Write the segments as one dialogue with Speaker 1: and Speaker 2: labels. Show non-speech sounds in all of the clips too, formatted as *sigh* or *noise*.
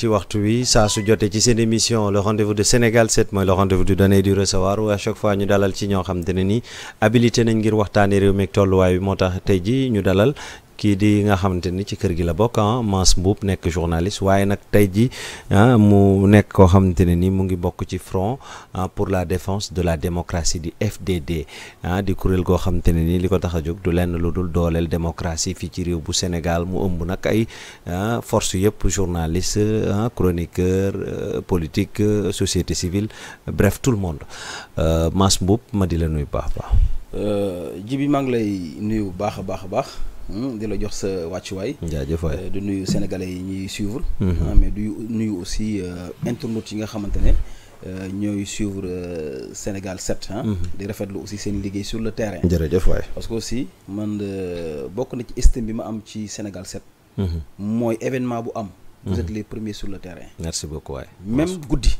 Speaker 1: ci waxtu wi saa su jotee ci seen émission le rendez-vous de Sénégal 7 mooy le rendez-vous du donner du recevoir à chaque fois ñu dalal ci ñoo xam te ne nii abilité nañ ngir waxtaanee réew mi ak tolluwaay bi moo tax tey ji ñu dalal kii di nga xamante ni ci kër gi la bokk ah Mass Mboup nekk journaliste waaye nag tey ji ah, mu nekk koo xamante ne ni mu ngi bokk ci front ah, pour la défense de la démocratie di FDD ah di kuréel goo xamante ne ni li ko tax a jóg du lenn lu dul dooleel démocratie fii ci réew bu Sénégal mu ëmb nag ay ah, force yëpp journaliste chroniqueur euh, politique euh, société civile bref tout le monde euh, Mass Mboup ma di la nuyu baax baax.
Speaker 2: Jibi maa ngi lay nuyu bu baax a baax a baax. Hmm, di la jox sa wàccuwaay. jaajëf waay euh, di nuyu sénégale yi ñuy suivre. Hmm. Ah, mais du nuyu aussi euh, internautes yi nga xamante ne euh, ñooy suivre Sénégal 7. Hmm. di rafetlu aussi seen liggéey sur le terrain. jërëjëf waay parce que aussi man bokk na ci estime bi ma am ci Sénégal 7. mooy événement bu am. vous les premiers sur le terrain. merci beaucoup waay. même guddi.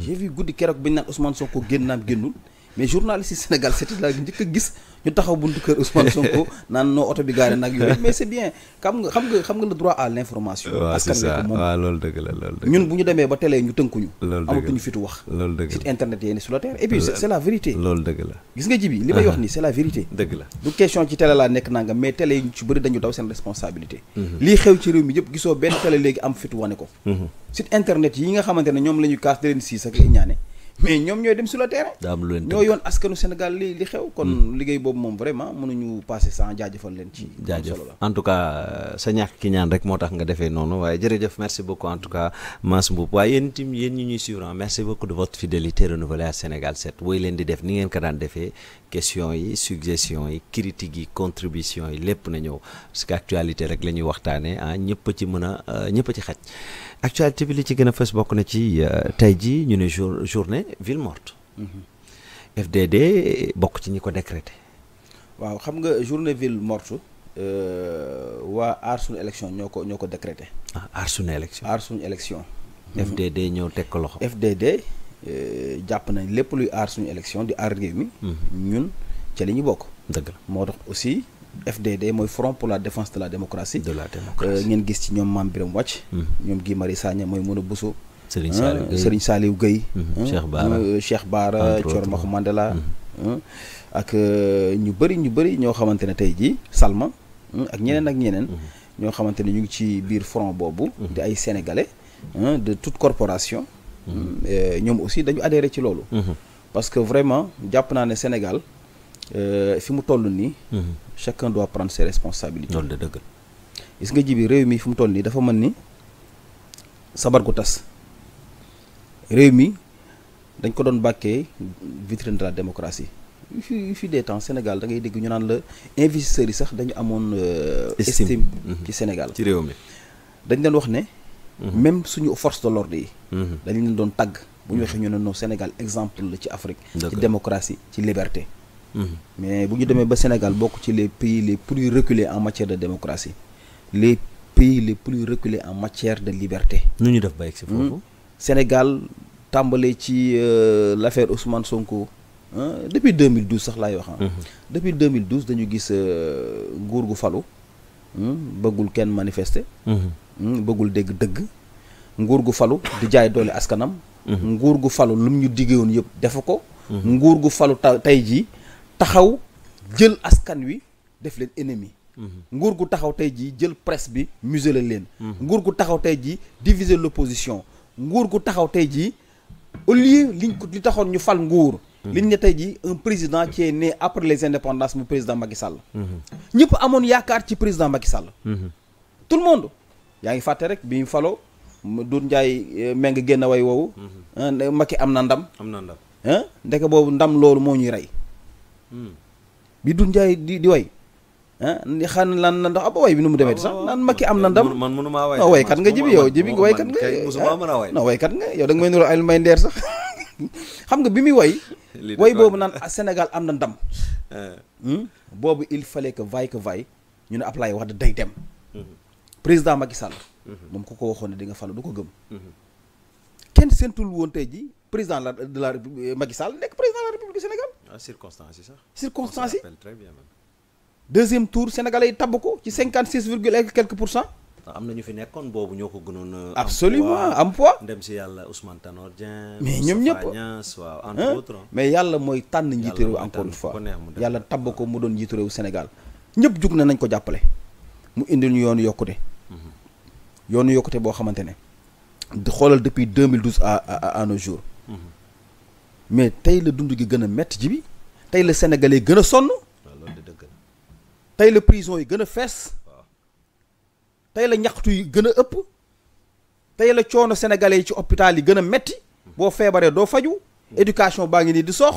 Speaker 2: j'ai vu guddi keroog bi ñu naan Ousmane Sonko génn génnul. mais journaliste yi Sénégal c' était la njëkk a gis ñu taxaw buntu kër Ousmane Sonko *laughs* naan noo oto bi gaare nag yooyu mais c' bien xam nga xam nga xam nga le droit à l' information. askan wi ko la bu ñu demee ba télé ñu tënkuñu. loolu dëgg la amatuñu fitu wax. loolu dëgg la la terre. et puis c' est la la gis nga ji bi li may wax *laughs* nii c' est la vérité. Mhm. yëpp gisoo benn télé léegi am fitu mhm. yi nga xamante ne ñoom la ñu kaas leen siis ak ñaane mais ñoom ñooy dem sur le terrain. daa am lu leen ñoo yoon askanu Sénégal li li xew. kon hmm. liggéey boobu moom leen ci. jaajëf
Speaker 1: en tout cas euh, sa ñàkk ki ñaan rek moo tax nga defee noonu waaye jërëjëf merci beaucoup en tout cas Mass Mboup waaye yéen itam yéen ñi ñuy suivre ah, merci beaucoup de votre fidélité renouvelée à Sénégal 7 woy leen di def ni ngeen ko daan defee questions yi suggestions yi critiques yi contributions yi lépp na ñëw parce que actualité rek la ñuy waxtaanee ah, ñëpp a ci mën a euh, ñëpp a ci xaj actualité bi li ci gën a fës bokk na ci euh, tey ji ñu ne jour journée ville morte. Mhm. FDD bokk ci ñi ko décrété.
Speaker 2: waaw xam nga journée ville morte euh, waa aar suñu élection ñoo ko ñoo ko décrété. Ah, aar suñu élection aar suñu élection. Mhm. FDD ñëw teg ko loxo. FDD euh, jàpp nañ lépp luy aar suñu élection di aar réew mi. Mhm. ñun ca li ñu bokk. dëgg la moo tax aussi. FDD mooy front pour la défense de la démocratie. de la euh, démocratie ngeen gis ci ñoom Mame Birame Wathie. ñoom Guy Marius Sagna mooy Maimouna Bousso Serigne Saliou ah, Gueye Serigne Saliou Gueye. Mhm. Ah, Cheikh Baara euh, Cheikh Baara Thior Maxu Mandela. Ah, ak euh, ñu bëri ñu bëri ñoo xamante ne tey jii Salma ak ñeneen ak ñeneen. Mhm. ñoo xamante ne ñu ngi ci biir front boobu. Mhm. di ay sénégalais de toute corporation. Mm, euh, ñoom aussi dañu adhéré ci loolu. parce que vraiment jàpp naa ne Sénégal fi mu toll nii. chacun doit prendre ses responsabilités. loolu de dëgg. nga ji réew mi fi mu toll nii dafa mën ni sabar gu tas. réew mi dañ ko doon bàkkee vitrine de la démocratie yu fi yu temps Sénégal da ngay dégg ñu naan la investisseurs yi sax dañu amoon. Euh, estime mhm. ci Sénégal ci réew mi. dañ leen wax ne. Mhm. même suñu force de l'ordre yi. Mhm. dañu leen doon tàgg bu ñu waxee ñu ne non Sénégal exemple la ci Afrique. ci démocratie ci liberté. mais bu ñu demee ba Sénégal bokk ci les pays les plus reculés en matière de démocratie les pays les plus reculés en matière de liberté. nu ñu def ba egg si foofu. Hmm? Sénégal tàmbale ci euh, l' affaire Ousmane Sonko depuis 2012 sax laay wax mhm. depuis 2012 dañu gis euh, nguur gu falu bëggul kenn manifester. Mhm. bëggul dégg dëgg nguur gu falu di jaay doole askanam mhm. nguur gu falu lum ñu woon yëpp defu ko nguur gu falu ta tey jii taxaw jël askan wi def leen ennemi nguur gu taxaw tey jii jël presse bi la leen nguur gu taxaw tey jii diviser l' opposition nguur gu taxaw tey jii au lieu liñ ko li taxoon ñu fal nguur. Hmm. li ne tey jii un président qui ne né après les indépendances mu président Macky Sall. Hmm. ñëpp amoon yaakaar ci président Macky Sall. Hmm. tout le monde yaa ngi fàtte rek bi ñu faloo Doudou Ndiaye eh, méng génn way woowu. Macky am na ndam. am na ndam ndeke boobu ndam loolu moo ñuy rey. bi Doudou Ndiaye di di way. ah xan lan na ndax ab way bi nu mu demee sax oh. naan Macky am na ndam man mënu maa way non oh, waykat nga jibi yow jibi waykat nga musuma mën a way non waykat nga yow da nga may nuroo ay may ndeer sax *laughs* xam nga bi muy way *laughs* way boobu naan ah, Sénégal am na ndam eh. hmm? boobu il fallait que vaille que vaille ñu ne Ablaye wax day dem mhm. président Macky Sall mhm. moom ku ko waxoon ne di nga falu du ko gëm mhm. kenn seentul woon tey ji président la de la Macky Sall nekk président de la République du Sénégal ah,
Speaker 1: circonstances
Speaker 2: yi deuxième tour sénégalais yi tabb ko ci cinquante six virgule et quelques pour cent. Ah, na ñu fi nekkoon boobu ñoo ko gënoon. absolument am poids
Speaker 1: dem si yàlla Ousmane Tanor mais ñoom ñëpp waaw
Speaker 2: mais yàlla mooy tànn njiitu réew encore une fois yàlla tabb ko mu doon njiitu réew Sénégal ñëpp jug na nañ ko jàppale. mu indil ñu yoonu yokkute. Mhm. yoonu yokkute boo xamante ne. di xoolal depuis 2012 à à à nos jours. Mhm. mais tey la dund gi gën a métti ji bi tey la sénégalais gën sonn. tey la prison yi gën a fees tey la ñaxtu yi gën a ëpp tey la coono sénégalais yi ci hôpital yi gën a metti boo feebaree doo faju éducation baa ngi nii di soox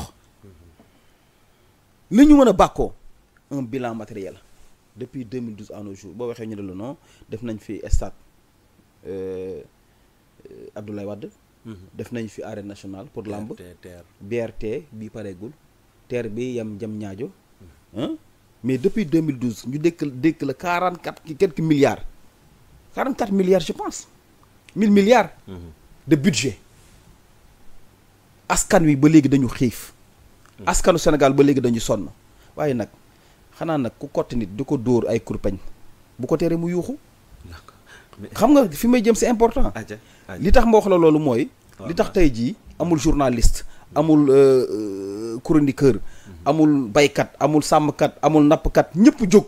Speaker 2: li ñu mën a bàkkoo un bilan matériel depuis 2012 à nos jours boo waxee ñu ne la non def nañ fi stade euh, Abdoulaye Wade mm-hmm. def nañ fi arène national pour lamb BRT bi pareegul terre bi yam jam ñaajo mm-hmm. mais depuis 2012 ñu dékk dékk la 44 quelques milliards 44 milliards je pense 1000 milliards. Mhm. de budget askan wi ba léegi dañu xiif. Mhm. askanu Sénégal ba léegi dañu sonn waaye nag xanaa nag ku kotti nit di ko dóor ay kurpeñ bu ko teree mu yuuxu. xam nga fi may jëm si important. li tax ma wax la loolu mooy. li tax tey jii amul journaliste amul euh, euh, chroniqueur. amul baykat amul sàmmkat amul nappkat ñëpp jóg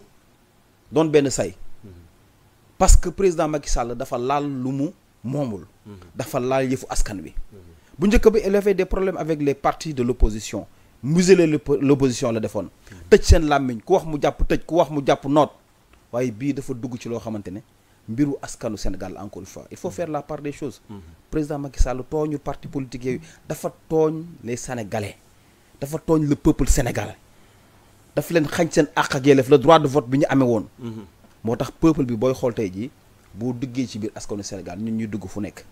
Speaker 2: doon benn say parce que président Macky Sall dafa laal lu mu moomul dafa laal yëfu askan wi bu njëkk bi il de des problèmes avec les partis de l'opposition museler l'opposition la defoon tëj seen làmmiñ ku wax mu jàpp tëj ku wax mu jàpp noot waaye bii dafa dugg ci loo xamante ne mbiru askanu Sénégal encore une fois il faut faire la part des choses président Macky Sall tooñu parti politique yooyu dafa tooñ les sénégalais dafa tooñ le peuple sénégalais daf leen xañ seen àq ak yelleef le droit de vote bi ñu amee woon. Mm-hmm. moo tax peuple bi booy xool tey jii boo duggee ci biir askanu Sénégal ñun ñuy dugg fu nekk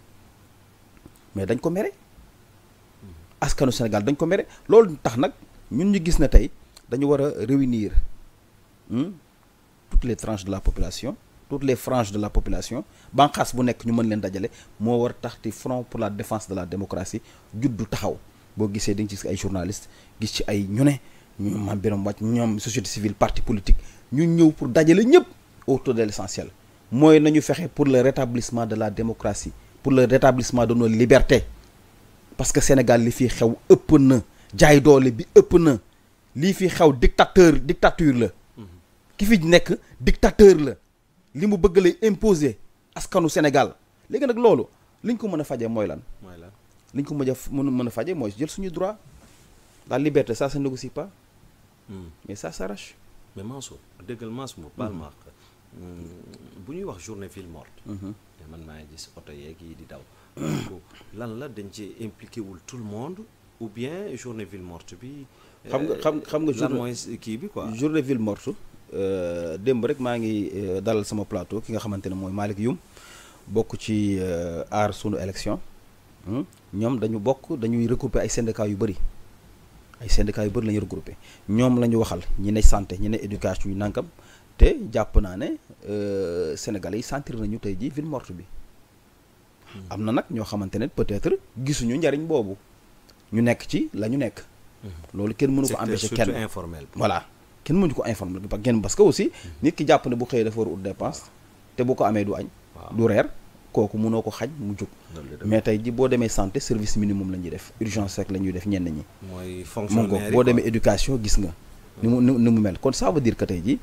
Speaker 2: mais dañ ko mere mm-hmm. askanu Sénégal dañ ko mere loolu tax nag ñun ñu gis na tey dañu war a réunir hmm, toutes les tranches de la population toutes les franges de la population banqaas bu nekk ñu mën leen dajale moo war tax ti front pour la défense de la démocratie juddu taxaw. boo gisee dañ ci gis ay journaliste gis ci ay ñu ne ñu maam biram wàcc ñoom société civile parti politique ñu ñëw pour dajale ñëpp autour de l'essentiel mooy nañu fexe pour le rétablissement de la démocratie pour le rétablissement de nos libertés parce que Sénégal li fi xew ëpp na jaay doole bi ëpp na lii fi xew dictateur dictature la mm-hmm. ki fi nekk dictateur la li mu bëgg lay imposer askanu Sénégal léegi nag loolu li liñ ko mën a fajee mooy lan li ñu ko mën a mën a faje mooy jël suñu droit la liberté ça se négocie pas hmm. mais ça s'arrache
Speaker 1: mais Mansour dëggal Mansour hmm. baal ma hmm, bu ñuy wax journée ville morte man maa ngi gis oto yeeg yi di daw *coughs* lan la dañ ci impliqué wul tout le monde ou bien journée ville morte bi xam nga euh, xam xam nga lan
Speaker 2: kii bi quoi journée ville morte euh, démb rek maa ngi euh, dalal sama plateau ki nga xamante ne mooy Malick Youm bokk ci aar sunu élection Hmm? ñoom dañu bokk dañuy regrouper ay syndicats yu bëri ay syndicats yu bëri la ñuy regrouper ñoom la ñu waxal ñi ne santé ñi ne éducation yu nankam te jàpp naa ne euh, Sénégalais yi sentir nañu tey jii ville morte bi. Hmm. am na nag ñoo xamante ne peut-être gisuñu njariñ boobu ñu nekk ci la ñu nekk. Hmm. loolu kenn mënu ko empêcher kenn surtout informel voilà kenn mënu ko informel ba genn parce que aussi nit ki jàpp ne bu xëyee dafa war a ut dépense te bu ko amee du añ. du reer. kooku munoo ko xaj mu jug mais tey ji boo demee santé service minimum la ñuy def urgence rek la ñuy def ñenn ñi
Speaker 1: mu ko boo demee
Speaker 2: éducation gis nga ni mu ni mu mel kon ça veut dire tey ji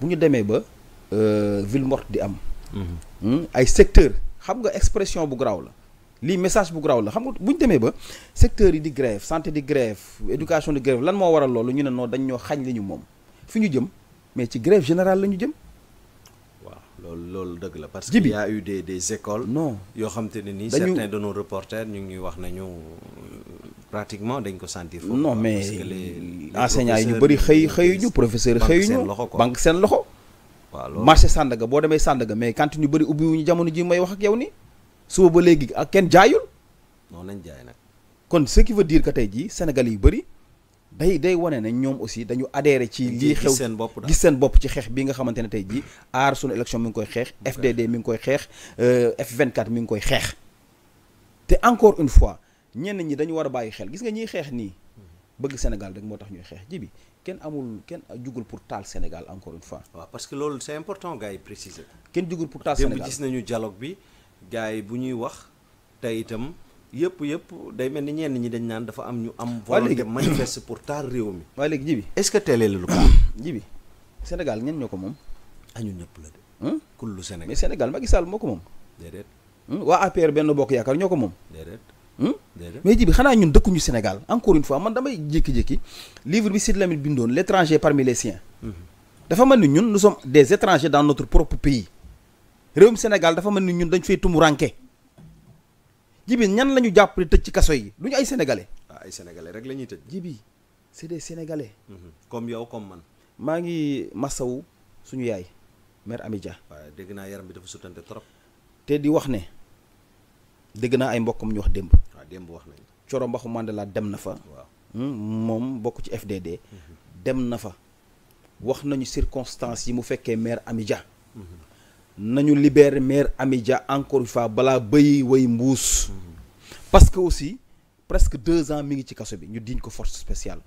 Speaker 2: bu ñu demee ba euh, ville morte di am mhm. hmm? ay secteur xam nga expression bu garaaw la lii message bu garaaw la xam nga bu ñu demee ba secteurs yi di grève santé di grève éducation di grève lan moo waral loolu ñu ne noonu dañ ñoo xañ li ñu moom fi ñu jëm mais ci grève général la ñu jëm loolu loolu dëgg la parce que il y a eu des des écoles. non yoo xam te ne nii. certains de
Speaker 1: nos reporters ñu ngi ñuy wax nañu euh, pratiquement dañ ko sentir. foofu non mais
Speaker 2: enseignants yi ñu bëri xëy xëyuñu professeur xëy xëyuñu banque seen loxo. waaw loolu marché boo demee Sandaga mais cantine ñu bëri ñu jamono ji may wax ak yow ni suba ba léegi ak kenn jaayul.
Speaker 1: noonu lañ jaay nag.
Speaker 2: kon ce diir veut tey jii Sénégal yu bëri. day day wane nañ ñoom aussi dañu adhéré ci lii xew gis seen bopp ci xeex bi nga xamante ne tey jii aar sunu élection mi ngi koy xeex FDD mi ngi koy xeex euh, F24 mi ngi koy xeex te encore une fois ñenn ñi dañu war a bàyyi xel gis nga ñiy xeex nii bëgg Sénégal rek moo tax ñuy xeex ji bi kenn amul kenn jugul pour taal Sénégal encore une fois waaw
Speaker 1: parce que loolu c'est important gars yi préciser
Speaker 2: kenn jugul pour taal Sénégal démb gis nañu dialogue bi gars yi bu ñuy wax
Speaker 1: te itam yëpp yëpp day mel ni ñenn ñi dañ naan dafa am ñu am volonté manifeste pour
Speaker 2: taal réew mi waaye léegi jibi est-ce que teelee la lu ko *coughs* jibi Sénégal ñen ñoo ko moom añu ah, ñëpp la de hmm? kullu Sénégal mais Sénégal Macky Sall moo ko moom déedéet hmm? waa APR benn bokk yaakaar ñoo ko moom déedéet hmm? mais jibi xanaa ñun dëkkuñu Sénégal encore une fois man damay jékki-jékki livre bi Sidy Lamine bindoon l'étranger parmi les siens mhm. dafa mel ni ñun nous sommes des étrangers dans notre propre pays réewum Sénégal dafa mel ni ñun dañ fay tumu jibi ñan la ñu jàpp di tëj ci kaso yi du ñu ay sénégalais. Ah, ay sénégalais rek la ñuy tëj. jibi c'est des sénégalais. Mhm. comme yow comme man. maa ngi masawu suñu yaay maire Amidia. waaw dégg naa yaram bi dafa sutante trop. te di wax ne dégg naa ay mbokkam ñu wax démb. démb wax nañu. Coro Mbaxu Mandela dem na fa. waaw hmm, moom bokk ci FDD. Mhm. dem na fa wax nañu circonstances yi mu fekkee mère Amidia. Mhm. nañu libérer maire Amidia encore une fois balaa bëy way mbuus mm-hmm. parce que aussi presque deux ans mi ngi ci kaso bi ñu diñ ko force spéciale